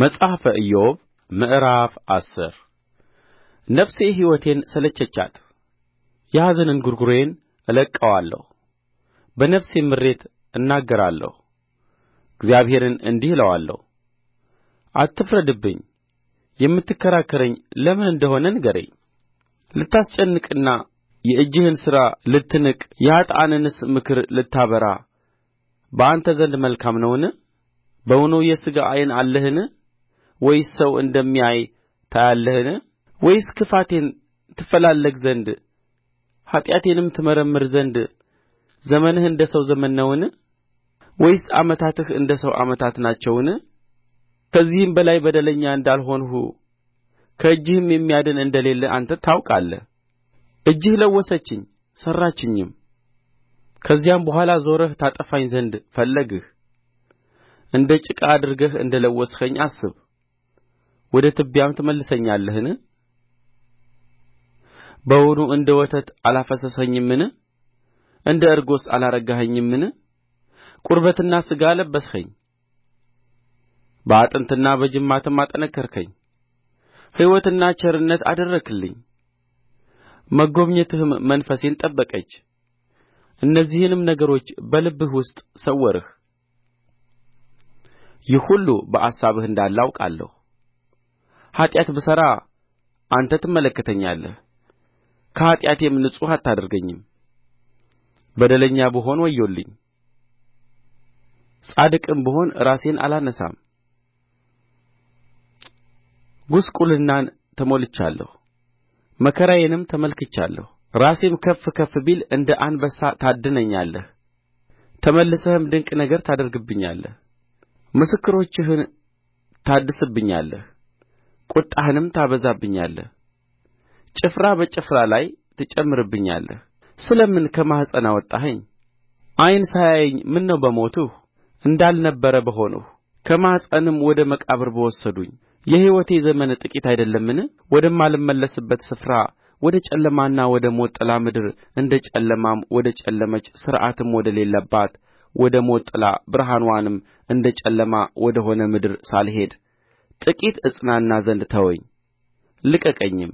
መጽሐፈ ኢዮብ ምዕራፍ አስር ነፍሴ ሕይወቴን ሰለቸቻት፣ የኀዘን እንጕርጕሮዬን እለቀዋለሁ፣ በነፍሴም ምሬት እናገራለሁ። እግዚአብሔርን እንዲህ እለዋለሁ፣ አትፍረድብኝ፣ የምትከራከረኝ ለምን እንደሆነ ንገረኝ። ልታስጨንቅና የእጅህን ሥራ ልትንቅ የኃጥአንንስ ምክር ልታበራ በአንተ ዘንድ መልካም ነውን? በውኑ የሥጋ ዓይን አለህን? ወይስ ሰው እንደሚያይ ታያለህን ወይስ ክፋቴን ትፈላለግ ዘንድ ኃጢአቴንም ትመረምር ዘንድ ዘመንህ እንደ ሰው ዘመን ነውን ወይስ ዓመታትህ እንደ ሰው ዓመታት ናቸውን ከዚህም በላይ በደለኛ እንዳልሆንሁ ከእጅህም የሚያድን እንደሌለ አንተ ታውቃለህ እጅህ ለወሰችኝ ሠራችኝም ከዚያም በኋላ ዞረህ ታጠፋኝ ዘንድ ፈለግህ እንደ ጭቃ አድርገህ እንደ ለወስኸኝ አስብ ወደ ትቢያም ትመልሰኛለህን በውኑ እንደ ወተት አላፈሰስኸኝምን እንደ እርጎስ አላረጋኸኝምን ቁርበትና ሥጋ አለበስኸኝ በአጥንትና በጅማትም አጠነከርኸኝ ሕይወትና ቸርነት አደረግህልኝ መጐብኘትህም መንፈሴን ጠበቀች እነዚህንም ነገሮች በልብህ ውስጥ ሰወርህ ይህ ሁሉ በአሳብህ እንዳለ አውቃለሁ ኃጢአት ብሠራ አንተ ትመለከተኛለህ ከኃጢአቴም ንጹሕ አታደርገኝም በደለኛ ብሆን ወዮልኝ ጻድቅም ብሆን ራሴን አላነሣም ጕስቍልናን ተሞልቻለሁ መከራዬንም ተመልክቻለሁ ራሴም ከፍ ከፍ ቢል እንደ አንበሳ ታድነኛለህ ተመልሰህም ድንቅ ነገር ታደርግብኛለህ ምስክሮችህን ታድስብኛለህ ቍጣህንም ታበዛብኛለህ ጭፍራ በጭፍራ ላይ ትጨምርብኛለህ ስለ ምን ከማኅፀን አወጣኸኝ ዓይን ሳያየኝ ምነው በሞትሁ እንዳልነበረ በሆንሁ ከማኅፀንም ወደ መቃብር በወሰዱኝ የሕይወቴ ዘመን ጥቂት አይደለምን ወደማልመለስበት ስፍራ ወደ ጨለማና ወደ ሞት ጥላ ምድር እንደ ጨለማም ወደ ጨለመች ሥርዓትም ወደሌለባት ወደ ሞት ጥላ ብርሃንዋንም እንደ ጨለማ ወደ ሆነ ምድር ሳልሄድ ጥቂት እጽናና ዘንድ ተወኝ ልቀቀኝም